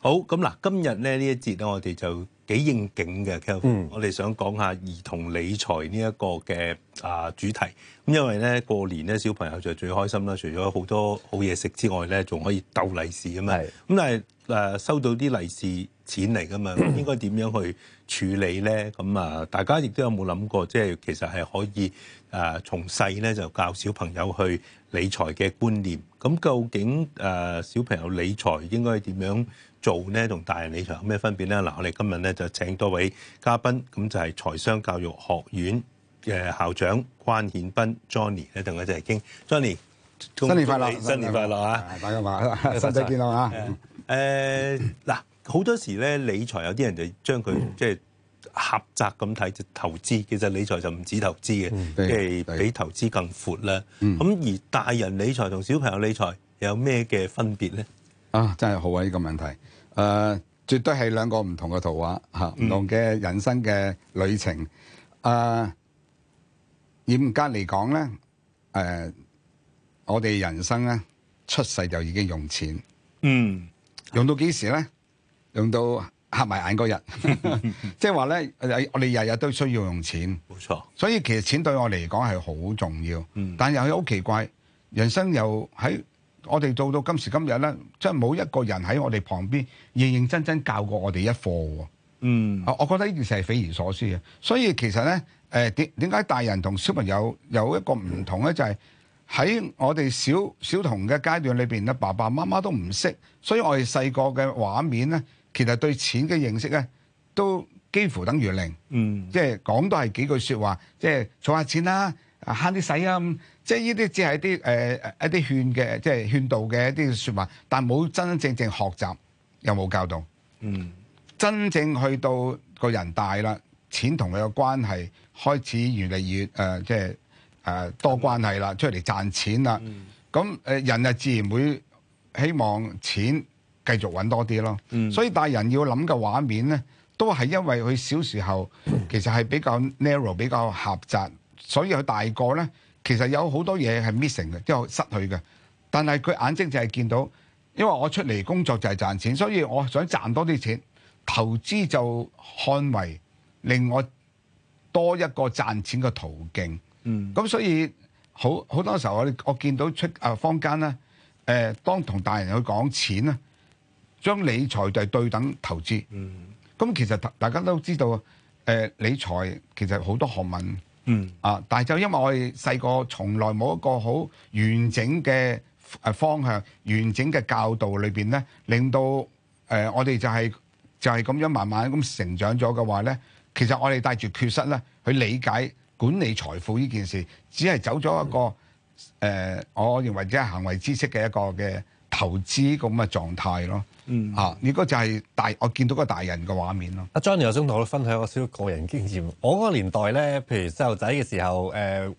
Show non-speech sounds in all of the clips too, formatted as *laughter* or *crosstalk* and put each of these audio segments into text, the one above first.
好咁，嗱，今日咧呢一節咧，我哋就幾應景嘅，Kelvin，我哋想講下兒童理財呢一個嘅啊主題。咁因為咧過年咧，小朋友就最開心啦，除咗好多好嘢食之外咧，仲可以鬥利是吖嘛。咁但係誒收到啲利是錢嚟噶嘛，應該點樣去處理咧？咁啊，大家亦都有冇諗過，即係其實係可以誒從細咧就教小朋友去理財嘅觀念。咁究竟誒小朋友理財應該點樣做咧，同大人理財有咩分別咧？嗱，我哋今日咧就請多位嘉賓，咁就係、是、財商教育學院嘅校長關顯彬 Johnny 咧，同佢哋嚟傾。Johnny，多多新年快樂！新年快樂啊！新年快樂！新仔見，身體健康啊！嗱，好、啊啊、多時咧理財有啲人就將佢即係。嗯狹窄咁睇就投資，其實理財就唔止投資嘅，即、嗯、係比投資更闊啦。咁、嗯、而大人理財同小朋友理財有咩嘅分別咧？啊，真係好啊！呢、呢個問題，誒、uh,，絕對係兩個唔同嘅圖畫嚇，唔、嗯啊、同嘅人生嘅旅程。誒、uh,，嚴格嚟講咧，誒，我哋人生咧出世就已經用錢，嗯，用到幾時咧？用到。合埋眼嗰日，即係話咧，我哋日日都需要用錢，冇錯。所以其實錢對我嚟講係好重要，但又係好奇怪，人生又喺我哋做到今時今日咧，即係冇一個人喺我哋旁邊認認真真教過我哋一課。嗯，我我覺得呢件事係匪夷所思嘅。所以其實咧，誒、點點解大人同小朋友有一個唔同咧，就係喺我哋小小童嘅階段裏邊咧，爸爸媽媽都唔識，所以我哋細個嘅畫面咧。其實對錢嘅認識咧，都幾乎等於零。嗯，即係講都係幾句説話，即係儲下錢啦、啊，慳啲使啊。即係呢啲只係啲誒一啲、呃、勸嘅，即係勸導嘅一啲説話，但冇真真正正學習，又沒有冇教導。嗯，真正去到個人大啦，錢同佢嘅關係開始越嚟越誒、呃，即係誒、呃、多關係啦，出嚟賺錢啦。咁、嗯、誒人啊，自然會希望錢。繼續揾多啲咯，所以大人要諗嘅畫面咧，都係因為佢小時候其實係比較 narrow，比較狹窄，所以佢大個咧，其實有好多嘢係 missing 嘅，即係失去嘅。但係佢眼睛就係見到，因為我出嚟工作就係賺錢，所以我想賺多啲錢，投資就看為令我多一個賺錢嘅途徑。嗯，咁所以好好多時候我我見到出啊坊間咧，誒、呃、當同大人去講錢啊。將理財就係對等投資，咁其實大家都知道，誒理財其實好多學問，啊，但係就因為我哋細個從來冇一個好完整嘅誒方向、完整嘅教導裏邊咧，令到誒我哋就係就係咁樣慢慢咁成長咗嘅話咧，其實我哋帶住缺失咧去理解管理財富呢件事，只係走咗一個誒，我認為即係行為知識嘅一個嘅。投資咁嘅狀態咯，嚇、嗯！呢、啊、個就係大我見到個大人嘅畫面咯。阿 Johnny 又想同我分享個少少個人經驗，我嗰個年代咧，譬如細路仔嘅時候，誒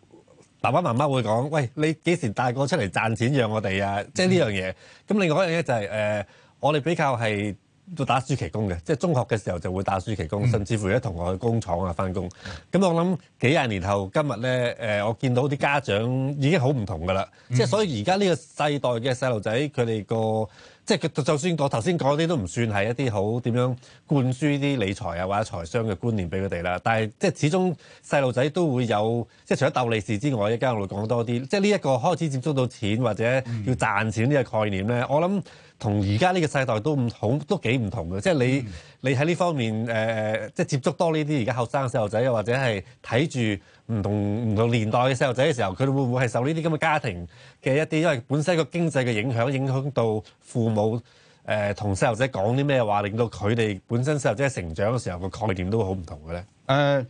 爸爸媽媽會講：喂，你幾時帶我出嚟賺錢養我哋啊？即係呢樣嘢。咁、嗯、另外一樣嘢就係、是、誒、呃，我哋比較係。都打暑期工嘅，即係中學嘅時候就會打暑期工，甚至乎啲同學去工廠啊翻工。咁我諗幾廿年後今日咧，誒我見到啲家長已經好唔同㗎啦。即、嗯、係所以而家呢個世代嘅細路仔，佢哋個即係就算我頭先講啲都唔算係一啲好點樣灌輸啲理財啊或者財商嘅觀念俾佢哋啦。但係即係始終細路仔都會有，即係除咗鬥利是之外，依家我會講多啲，即係呢一個開始接觸到錢或者要賺錢呢個概念咧、嗯。我諗。同而家呢個世代都唔同，都幾唔同嘅。即係你你喺呢方面誒、呃，即係接觸多呢啲而家後生嘅細路仔，又或者係睇住唔同唔同年代嘅細路仔嘅時候，佢會唔會係受呢啲咁嘅家庭嘅一啲，因為本身個經濟嘅影響，影響到父母誒同細路仔講啲咩話，令到佢哋本身細路仔成長嘅時候個概念都好唔同嘅咧。誒、呃，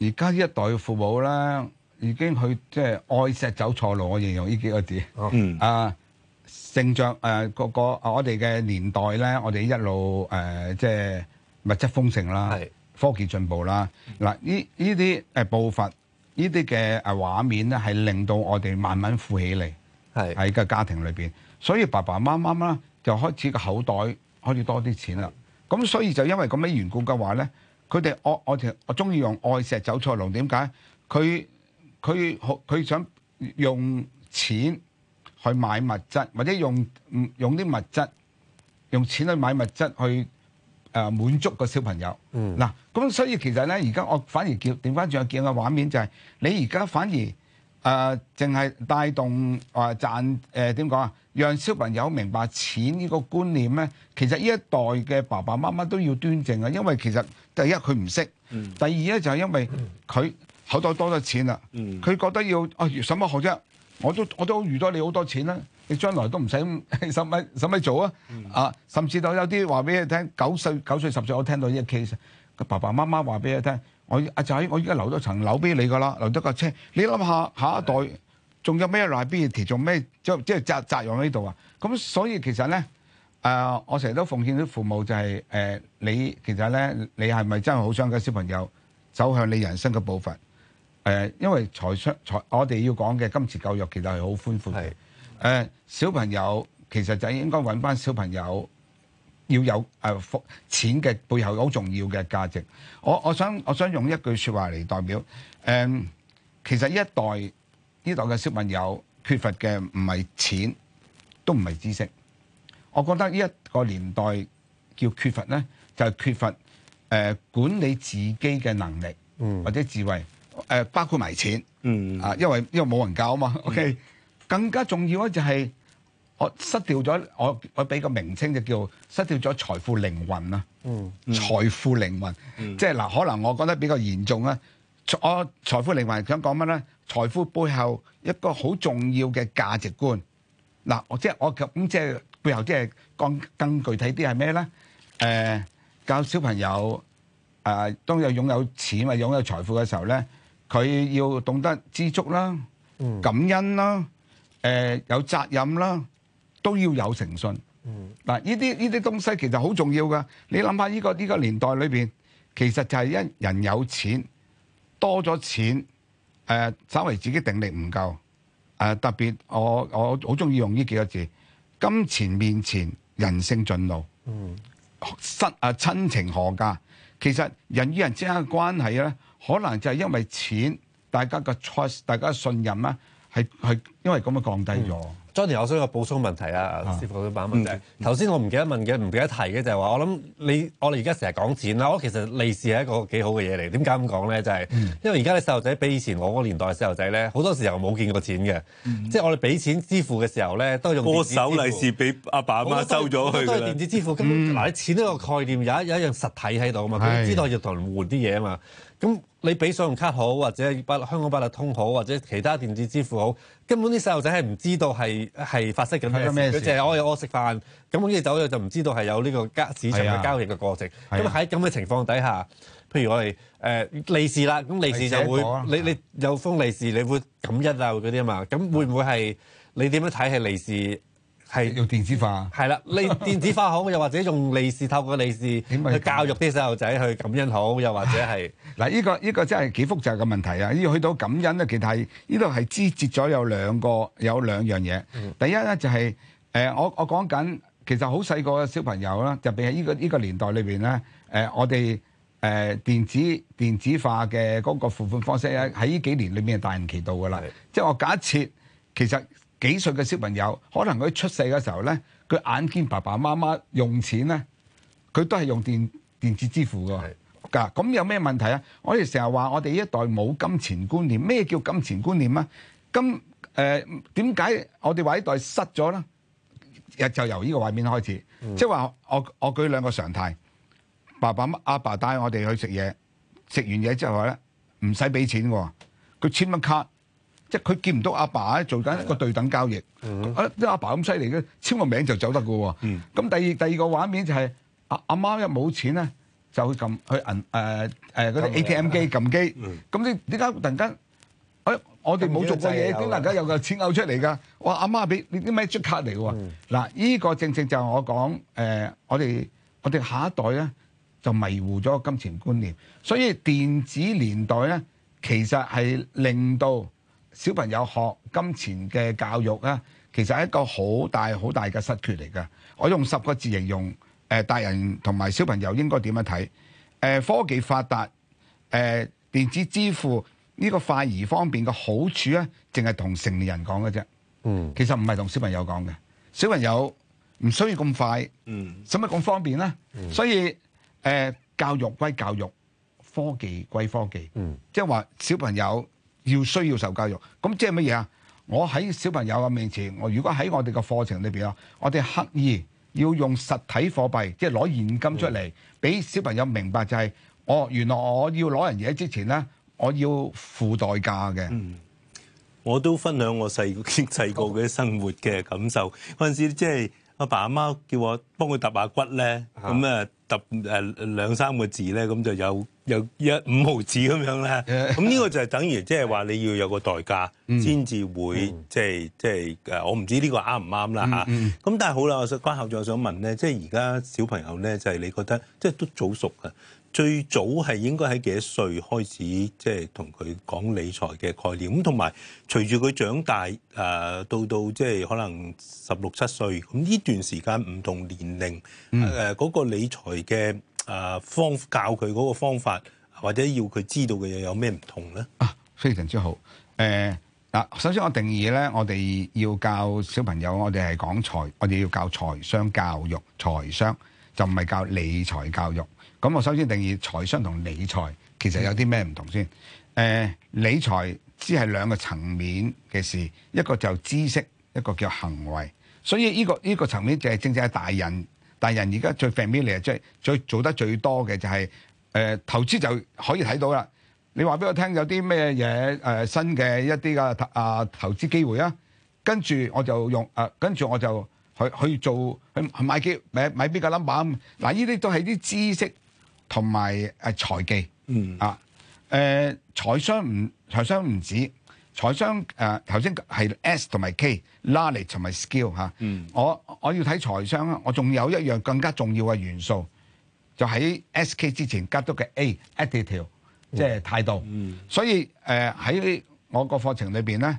而家一代嘅父母啦，已經去即係、就是、愛錫走錯路，我形容呢幾個字。嗯。啊。成長誒、呃、個個我哋嘅年代咧，我哋一路誒、呃、即係物質豐盛啦，科技進步啦，嗱呢呢啲誒步伐，呢啲嘅誒畫面咧，係令到我哋慢慢富起嚟，喺個家庭裏邊，所以爸爸媽媽啦就開始個口袋開始多啲錢啦，咁所以就因為咁嘅緣故嘅話咧，佢哋我我我中意用愛石走菜郎點解？佢佢佢想用錢。去買物質，或者用用啲物質，用錢去買物質去誒、呃、滿足個小朋友。嗱、mm. 啊，咁所以其實咧，而家我反而叫點翻，仲有見個畫面就係、是、你而家反而誒，淨、呃、係帶動話、呃、賺誒點講啊，讓小朋友明白錢呢個觀念咧。其實呢一代嘅爸爸媽媽都要端正啊，因為其實第一佢唔識，mm. 第二咧就係、是、因為佢口袋多咗錢啦，佢覺得要啊，哎、要乜好啫？我都我都預咗你好多錢啦！你將來都唔使使使咪做啊！啊，甚至到有啲話俾你聽，九歲九歲十歲，歲歲我聽到呢個 case，個爸爸媽媽話俾你聽，我阿仔、啊，我依家留咗層樓俾你噶啦，留得架車，你諗下下一代仲有咩 liability，仲咩即係即係責任喺度啊！咁所以其實咧，誒、呃，我成日都奉獻啲父母就係、是、誒、呃，你其實咧，你係咪真係好想個小朋友走向你人生嘅部分？因為財商財，我哋要講嘅金錢教育其實係好寬闊嘅。小朋友其實就應該揾翻小朋友要有誒、呃、錢嘅背後好重要嘅價值。我我想我想用一句說話嚟代表、呃、其實一代呢代嘅小朋友缺乏嘅唔係錢，都唔係知識。我覺得呢一個年代叫缺乏咧，就係、是、缺乏、呃、管理自己嘅能力，或者智慧。嗯誒，包括埋錢，啊，因為因為冇人教啊嘛。OK，更加重要咧就係我失掉咗，我我俾個名稱就叫失掉咗財富靈魂啦。嗯，財富靈魂，嗯、即係嗱，可能我覺得比較嚴重咧。我財富靈魂想講乜咧？財富背後一個好重要嘅價值觀。嗱，我即係我咁即係背後即係講更更具體啲係咩咧？誒、欸，教小朋友誒，當有擁有錢或擁有財富嘅時候咧。佢要懂得知足啦、感恩啦、誒、呃、有責任啦，都要有誠信。嗱，依啲依啲東西其實好重要嘅。你諗下、呢個，呢個依個年代裏邊，其實就係一人有錢多咗錢，誒、呃、稍為自己定力唔夠，誒、呃、特別我我好中意用呢幾個字：金錢面前人性盡露，失啊親情何價？其實人與人之間嘅關係咧。可能就係因為錢，大家嘅 choice，大家信任咧，係係因為咁樣降低咗。嗯、Johnny，我想個補充問題啦、啊，師傅想問問題。頭先我唔記得問嘅，唔記得提嘅就係話，我諗、嗯、你我哋而家成日講錢啦，我其實利是係一個幾好嘅嘢嚟。點解咁講咧？就係、是嗯、因為而家啲細路仔比以前我嗰年代細路仔咧，好多時候冇見過錢嘅、嗯。即係我哋俾錢支付嘅時候咧，都係用。過手利是俾阿爸阿媽收咗去啦。我都係電子支付，根本嗱，嗯、錢呢個概念有一有一樣實體喺度啊嘛。佢知道要同人換啲嘢啊嘛。咁你俾信用卡好，或者香港八達通好，或者其他電子支付好，根本啲細路仔係唔知道係係發生緊咩事。佢淨係我我食飯，咁跟住走咗就唔知道係有呢個交市場嘅交易嘅過程。咁喺咁嘅情況底下，譬如我哋誒、呃、利是啦，咁利是就會是、啊、你你有封利是，你會咁一啊嗰啲啊嘛。咁會唔會係你點樣睇係利是？係用電子化，係啦。你電子化好，又或者用利是，透過利是 *laughs* 去教育啲細路仔去感恩好，又或者係嗱，呢個呢個真係幾複雜嘅問題啊！要去到感恩咧，其實係呢度係支節咗有兩個有兩樣嘢、嗯。第一咧就係、是、誒，我我講緊其實好細個嘅小朋友啦，特別係喺依個依個年代裏邊咧，誒我哋誒電子電子化嘅嗰個付款方式喺呢幾年裏面係大行其道㗎啦。即係我假設其實。幾歲嘅小朋友，可能佢出世嘅時候咧，佢眼見爸爸媽媽用錢咧，佢都係用電電子支付噶。係噶。咁有咩問題啊？我哋成日話我哋呢一代冇金錢觀念，咩叫金錢觀念啊？咁誒點解我哋話呢一代失咗咧？就由呢個畫面開始，即係話我我，我舉兩個常態，爸爸阿爸，爸帶我哋去食嘢，食完嘢之後咧唔使俾錢喎，佢簽乜卡？即係佢見唔到阿爸咧，做緊一個對等交易。啊！即阿爸咁犀利嘅，簽個名就走得㗎喎。咁第二第二個畫面就係阿阿媽一冇錢咧，就去撳去銀誒誒嗰啲 ATM 機撳機。咁你點解突然間？哎，我哋冇做過嘢點能夠有個錢 out 出嚟㗎？哇！阿媽俾你啲咩出卡嚟㗎？嗱，呢個正正就係我講誒，我哋我哋下一代咧就迷糊咗金錢觀念，所以電子年代咧其實係令到。小朋友學金錢嘅教育咧，其實係一個好大好大嘅失缺嚟嘅。我用十個字形容誒、呃、大人同埋小朋友應該點樣睇？誒、呃、科技發達，誒、呃、電子支付呢個快而方便嘅好處咧，淨係同成年人講嘅啫。嗯，其實唔係同小朋友講嘅。小朋友唔需要咁快。嗯。使乜咁方便咧？所以誒、呃，教育歸教育，科技歸科技。嗯。即係話小朋友。要需要受教育，咁即係乜嘢啊？我喺小朋友嘅面前，我如果喺我哋嘅課程裏邊啊，我哋刻意要用實體貨幣，即係攞現金出嚟，俾、嗯、小朋友明白就係、是，我、哦、原來我要攞人嘢之前咧，我要付代價嘅，嗯。我都分享我細細個嘅生活嘅感受嗰陣時，即係、就是。阿爸阿媽，媽叫我幫佢揼下骨咧，咁誒揼誒兩三個字咧，咁就有有一五毫紙咁樣咧。咁呢個就係等於即係話你要有個代價，先至會即係即係誒。我唔知呢個啱唔啱啦吓。咁、嗯嗯、但係好啦，我想關校長想問咧，即係而家小朋友咧，就係、是、你覺得即係都早熟啊？最早係應該喺幾多歲開始，即係同佢講理財嘅概念咁，同埋隨住佢長大，誒、呃、到到即係可能十六七歲咁呢段時間，唔同年齡誒嗰、呃嗰個理財嘅誒方教佢嗰個方法，或者要佢知道嘅嘢有咩唔同咧？啊，非常之好。誒、呃、嗱，首先我定義咧，我哋要教小朋友，我哋係講財，我哋要教財商教育，財商就唔係教理財教育。咁我首先定義財商同理財其實有啲咩唔同先？誒理財只係兩個層面嘅事，一個就知識，一個叫行為。所以呢、呢個呢、呢個層面就係正正係大人，大人而家最 familiar 嚟，即係最最做得最多嘅就係、是、誒、呃、投資就可以睇到啦。你話俾我聽有啲咩嘢新嘅一啲嘅啊投資機會啊，跟住我就用、啊、跟住我就去去做去買幾買買邊個 number？嗱，呢啲都係啲知識。同埋、嗯、啊，財技啊，誒、啊嗯、財商唔財商唔止財商誒頭先係 S 同埋 K，knowledge 同埋 skill 嚇。我我要睇財商啊，我仲有一樣更加重要嘅元素，就喺 S、K 之前加多嘅 A，attitude，即係態度。嗯、所以誒喺、呃、我個課程裏邊咧，誒、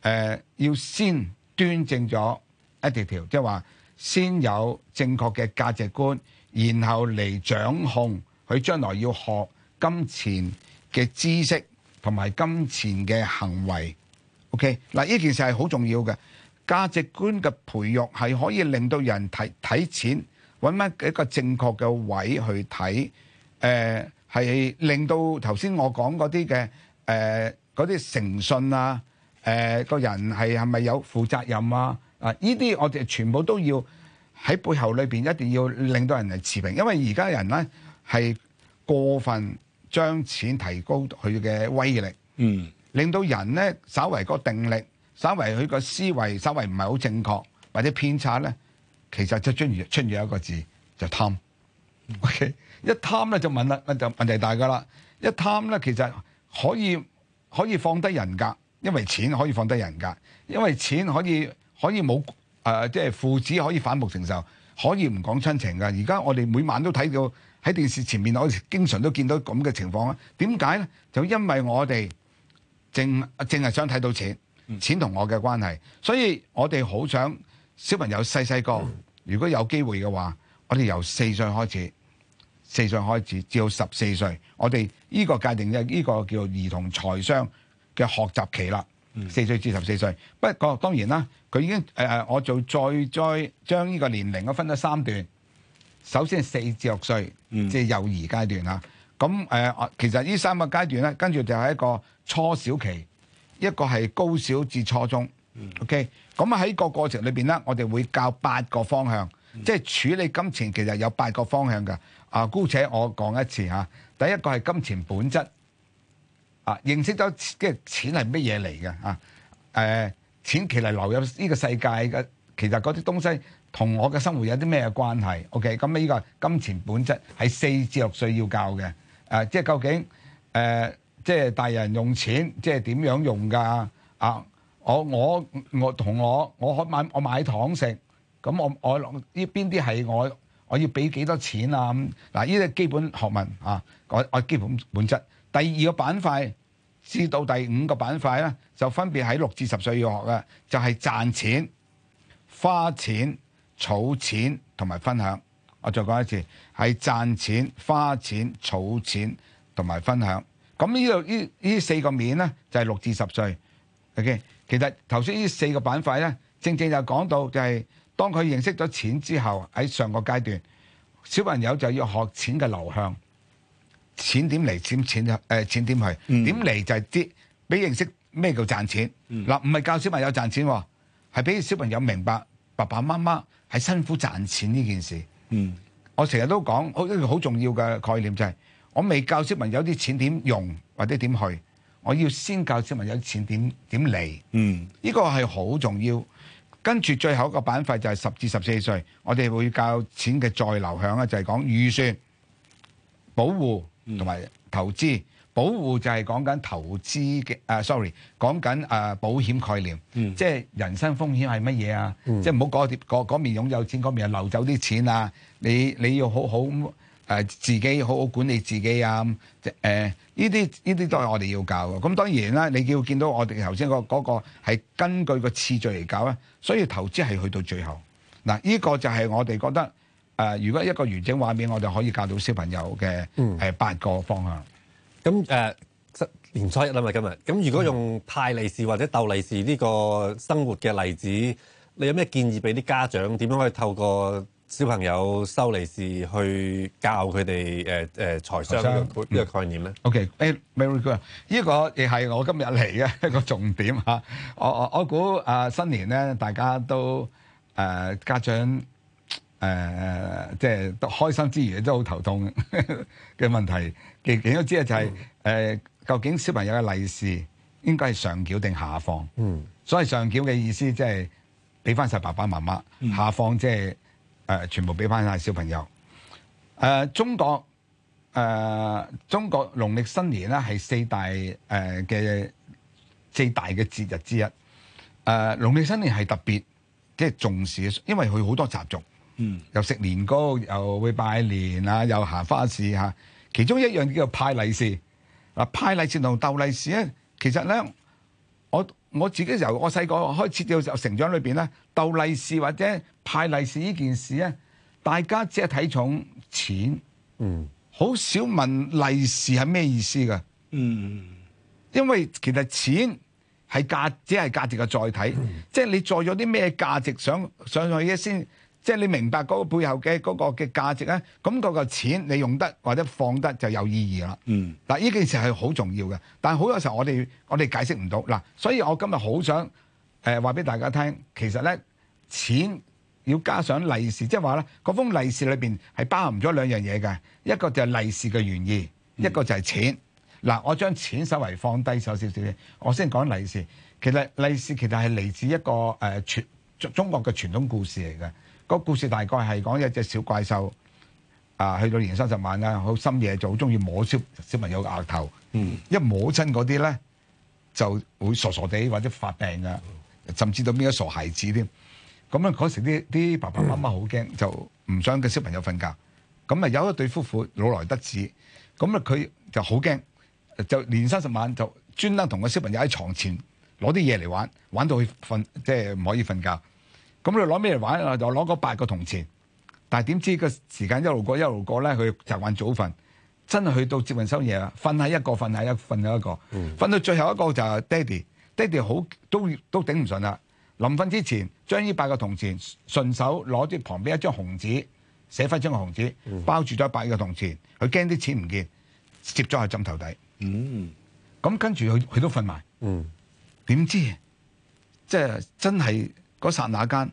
呃、要先端正咗 attitude，即係話先有正確嘅價值觀。然後嚟掌控佢將來要學金錢嘅知識同埋金錢嘅行為，OK？嗱，呢件事係好重要嘅價值觀嘅培育，係可以令到人睇睇錢揾翻一個正確嘅位去睇。誒、呃，係令到頭先我講嗰啲嘅誒嗰啲誠信啊，誒、呃、個人係係咪有負責任啊？啊、呃，呢啲我哋全部都要。喺背後裏邊一定要令到人嚟持平，因為而家人咧係過分將錢提高佢嘅威力，嗯，令到人咧稍為個定力、稍為佢個思維、稍為唔係好正確或者偏差咧，其實就出現出現一個字就貪，OK，一貪咧就問啦就問題大㗎啦，一貪咧其實可以可以放低人格，因為錢可以放低人格，因為錢可以可以冇。誒，即係父子可以反目成仇，可以唔講親情噶。而家我哋每晚都睇到喺電視前面，我經常都見到咁嘅情況啊。點解呢？就因為我哋正正係想睇到錢，錢同我嘅關係，所以我哋好想小朋友細細個，如果有機會嘅話，我哋由四歲開始，四歲開始至到十四歲，我哋呢個界定咧，呢個叫做兒童財商嘅學習期啦。四歲至十四歲，不過當然啦。我已經誒、呃，我就再再將呢個年齡我分咗三段。首先係四至六歲，嗯、即係幼兒階段嚇。咁、啊、誒、呃，其實呢三個階段咧，跟住就係一個初小期，一個係高小至初中。OK，咁喺個過程裏邊咧，我哋會教八個方向，嗯、即係處理金錢其實有八個方向嘅。啊，姑且我講一次嚇、啊。第一個係金錢本質，啊，認識到即係錢係乜嘢嚟嘅啊，誒、呃。錢其實流入呢個世界嘅，其實嗰啲東西同我嘅生活有啲咩關係？OK，咁呢依個金錢本質係四至六歲要教嘅，誒、啊，即係究竟誒、呃，即係大人用錢即係點樣用噶？啊，我我我同我我，我買我買糖食，咁我我呢邊啲係我我要俾幾多錢啊？咁、啊、嗱，呢啲基本學問啊，我我基本本質。第二個板塊。至到第五個板塊咧，就分別喺六至十歲要學嘅，就係、是、賺錢、花錢、儲錢同埋分享。我再講一次，係賺錢、花錢、儲錢同埋分享。咁呢度呢呢四個面咧，就係六至十歲。OK，其實頭先呢四個板塊咧，正正就講到就係當佢認識咗錢之後，喺上個階段小朋友就要學錢嘅流向。錢點嚟？錢錢點去？嗯、點嚟就係啲俾認識咩叫賺錢。嗱、嗯，唔係教小朋友賺錢喎，係俾小朋友明白爸爸媽媽係辛苦賺錢呢件事。嗯、我成日都講一個好重要嘅概念就係、是，我未教小朋友啲錢點用或者點去，我要先教小朋友錢點點嚟。呢、嗯呢個係好重要。跟住最後一個板塊就係十至十四歲，我哋會教錢嘅再流向咧，就係、是、講預算保護。同埋投資保護就係講緊投資嘅，啊，sorry，講緊啊保險概念，嗯、即係人生風險係乜嘢啊？即係唔好講啲面擁有錢，嗰面又流走啲錢啊！你你要好好誒自己好好管理自己啊！誒呢啲呢啲都係我哋要教嘅。咁當然啦，你要見到我哋頭先嗰個係、嗰個、根據個次序嚟教啊。所以投資係去到最後嗱，呢、呢個就係我哋覺得。誒、呃，如果一個完整畫面，我哋可以教到小朋友嘅誒、嗯呃、八個方向。咁誒、呃，年初一啦嘛，今日。咁如果用派利是或者逗利是呢個生活嘅例子，你有咩建議俾啲家長？點樣可以透過小朋友收利是去教佢哋誒誒財商呢、這個嗯這個概念咧？OK，very good，呢個亦係我今日嚟嘅一個重點嚇、啊。我我我估誒、呃、新年咧，大家都誒、呃、家長。誒、呃、即係開心之餘都好頭痛嘅問題。你你都知啊，就係誒，究竟小朋友嘅利是應該係上繳定下放？嗯，所以上繳嘅意思即係俾翻晒爸爸媽媽，下放即係誒全部俾翻晒小朋友。誒、呃，中國誒、呃，中國農曆新年咧係四大誒嘅最大嘅節日之一。誒、呃，農曆新年係特別即係、就是、重視，因為佢好多習俗。嗯，又食年糕，又會拜年啊，又行花市吓。其中一樣叫做派利是。嗱，派利是同鬥利是咧，其實咧，我我自己由我細個開始到成長裏邊咧，鬥利是或者派利是呢件事咧，大家只係睇重錢，嗯，好少問利是係咩意思㗎，嗯，因為其實錢係價，只係價值嘅載體，嗯、即係你載咗啲咩價值上上去嘅先。即係你明白嗰個背後嘅嗰個嘅價值咧，咁嗰個錢你用得或者放得就有意義啦。嗱、嗯，呢件事係好重要嘅，但係好多時候我哋我哋解釋唔到嗱，所以我今日好想誒話俾大家聽，其實咧錢要加上利是，即係話咧嗰封利是裏邊係包含咗兩樣嘢嘅，一個就係利是嘅原意、嗯，一個就係錢。嗱，我將錢稍微放低咗少少，我先講利是。其實利是其實係嚟自一個誒傳、呃、中國嘅傳統故事嚟嘅。那個故事大概係講一隻小怪獸啊，去到年三十晚啦，好深夜就好中意摸小小朋友嘅額頭，嗯、一摸親嗰啲咧就會傻傻地或者發病嘅，甚至到變咗傻孩子添。咁啊嗰時啲啲爸爸媽媽好驚，就唔想個小朋友瞓覺。咁啊有一對夫婦老來得子，咁啊佢就好驚，就年三十晚就專登同個小朋友喺床前攞啲嘢嚟玩，玩到佢瞓即係唔可以瞓覺。咁你攞咩嚟玩啊？就攞嗰八個銅錢，但係點知個時間一路過一路過咧，佢習慣早瞓，真係去到接近深夜啦，瞓喺一個，瞓喺一，瞓喺一個，瞓、嗯、到最後一個就係爹哋，爹哋好都都頂唔順啦。臨瞓之前，將呢八個銅錢順手攞住旁邊一張紅紙，寫翻張紅紙，包住咗八個銅錢，佢驚啲錢唔見，接咗去枕頭底。嗯，咁跟住佢佢都瞓埋。嗯，點知即係真係嗰剎那間。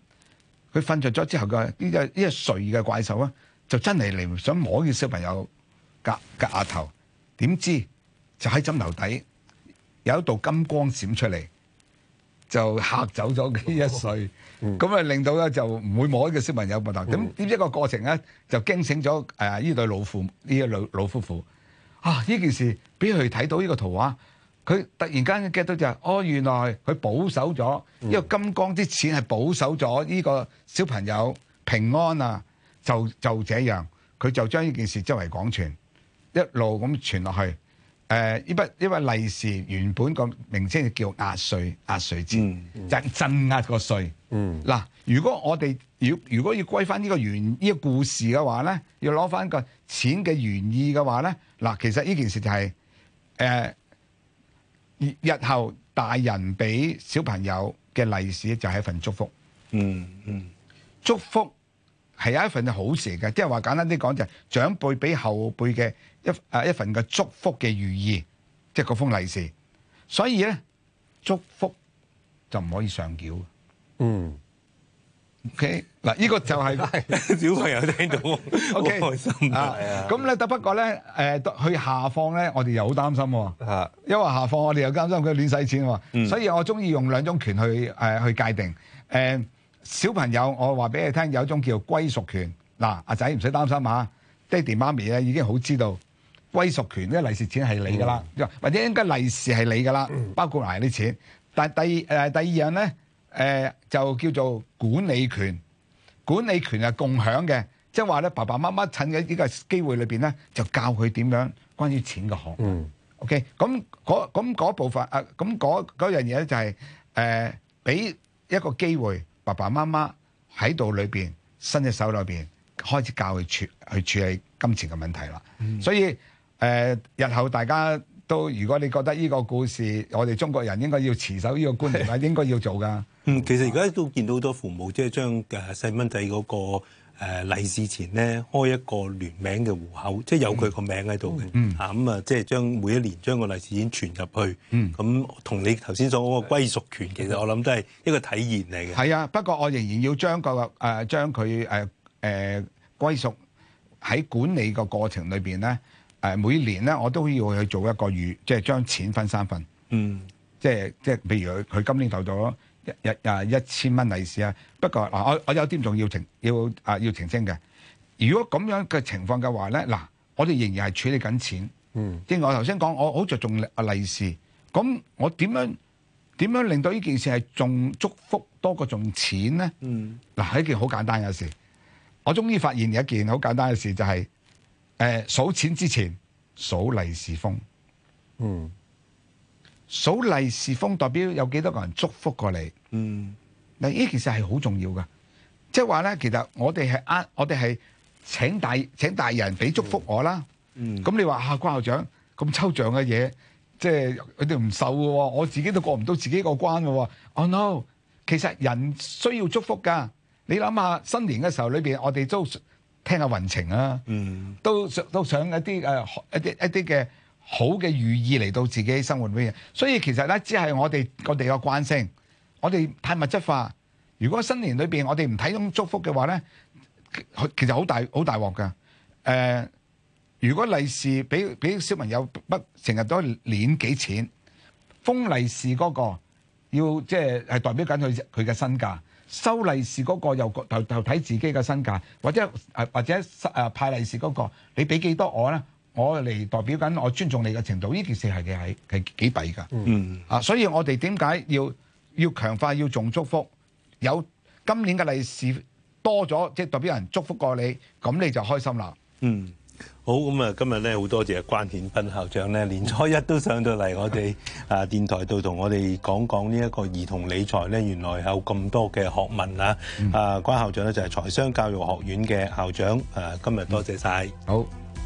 佢瞓着咗之後嘅呢隻呢隻睡嘅怪獸啊，就真係嚟想摸嘅小朋友隔隔額頭，點知就喺枕頭底有一道金光閃出嚟，就嚇走咗呢一睡，咁、oh. 啊令到咧就唔會摸嘅小朋友個頭，咁點知個過程咧就驚醒咗誒呢對老父呢一對老夫婦，婦啊！呢件事俾佢睇到呢個圖畫。佢突然間 get 到就係，哦，原來佢保守咗，因為金剛啲錢係保守咗呢個小朋友平安啊，就就這樣，佢就將呢件事周圍講傳，一路咁傳落去。誒、呃，呢筆呢筆利是原本個名稱叫壓歲壓歲錢，就是、鎮壓個歲。嗱、嗯，如果我哋要如果要歸翻呢個原呢、呢個故事嘅話咧，要攞翻個錢嘅原意嘅話咧，嗱其實呢件事就係、是、誒。呃日日後大人俾小朋友嘅利是就係一份祝福，嗯嗯，祝福係有一份好事嘅，即係話簡單啲講就係長輩俾後輩嘅一誒一份嘅祝福嘅寓意，即係嗰封利是份，所以咧祝福就唔可以上繳，嗯。O K，嗱依個就係、是、 *laughs* 小朋友聽到，O、okay, K， *laughs* 開心啊！咁咧，得不過咧，誒去下放咧，我哋又好擔心喎、啊。因為下放我哋又擔心佢亂使錢喎、嗯。所以我中意用兩種權去誒、啊、去界定。誒、啊、小朋友，我話俾你聽，有一種叫歸屬權。嗱、啊，阿仔唔使擔心嚇，爹哋媽咪咧已經好知道歸屬權呢，利是錢係你㗎啦、嗯，或者應該利是係你㗎啦、嗯，包括埋啲錢。但第誒、呃、第二樣咧。誒就叫做管理權，管理權係共享嘅，即係話咧，爸爸媽媽趁咗呢個機會裏邊咧，就教佢點樣關於錢嘅學。嗯，OK，咁嗰咁部分啊，咁嗰樣嘢咧就係誒俾一個機會爸爸媽媽喺度裏邊伸隻手裏邊開始教佢處去處理金錢嘅問題啦。嗯、所以誒、呃、日後大家都如果你覺得呢個故事，我哋中國人應該要持守呢個觀念啊，應該要做㗎。嗯，其實而家都見到好多父母即係將嘅細蚊仔嗰個、誒利是錢咧開一個聯名嘅戶口，即係有佢個名喺度嘅，嚇咁啊，即係將每一年將個利是錢存入去，咁、嗯、同你頭先所講嘅歸屬權，其實我諗都係一個體現嚟嘅。係啊，不過我仍然要將個誒、啊、將佢誒誒歸屬喺管理嘅過程裏邊咧，誒、啊、每年咧我都要去做一個預，即係將錢分三份，嗯，即係即係譬如佢佢今年攪咗。一一啊一千蚊利是啊！不過嗱，我我有啲仲要澄要啊要澄清嘅。如果咁樣嘅情況嘅話咧，嗱，我哋仍然係處理緊錢。嗯。正如我頭先講，我好着重利利是。咁我點樣點樣令到呢件事係重祝福多過重錢咧？嗯。嗱，係一件好簡單嘅事。我終於發現一件好簡單嘅事，就係，就係誒數錢之前數利是封。嗯。數利是封代表有幾多個人祝福過你？嗯，嗱，呢其實係好重要㗎，即係話咧，其實我哋係啊，我哋係請大請大人俾祝福我啦。嗯，咁你話啊，關校長咁抽象嘅嘢，即係佢哋唔受嘅喎，我自己都過唔到自己個關嘅喎。Oh, no！其實人需要祝福㗎，你諗下新年嘅時候裏邊，我哋都聽下運程啊，嗯，都想都想一啲誒、呃、一啲一啲嘅。好嘅寓意嚟到自己生活裏面，所以其實咧，只係我哋我哋個慣性，我哋太物質化。如果新年裏邊我哋唔睇重祝福嘅話咧，其實好大好大鑊㗎。誒、呃，如果利是俾俾小朋友，不成日都年幾錢，封利是嗰個要即係係代表緊佢佢嘅身價，收利是嗰個又頭頭睇自己嘅身價，或者誒或者誒派利是嗰個，你俾幾多我咧？我嚟代表緊我尊重你嘅程度，呢件事係幾係幾幾弊㗎？嗯啊，所以我哋點解要要強化要重祝福？有今年嘅利是多咗，即係代表人祝福過你，咁你就開心啦。嗯，好咁啊，今日咧好多謝關顯彬校長咧，年初一都上到嚟我哋啊電台度同我哋講講呢一個兒童理財咧，原來有咁多嘅學問啊！啊、嗯，關校長咧就係財商教育學院嘅校長，誒，今日多謝晒、嗯。好。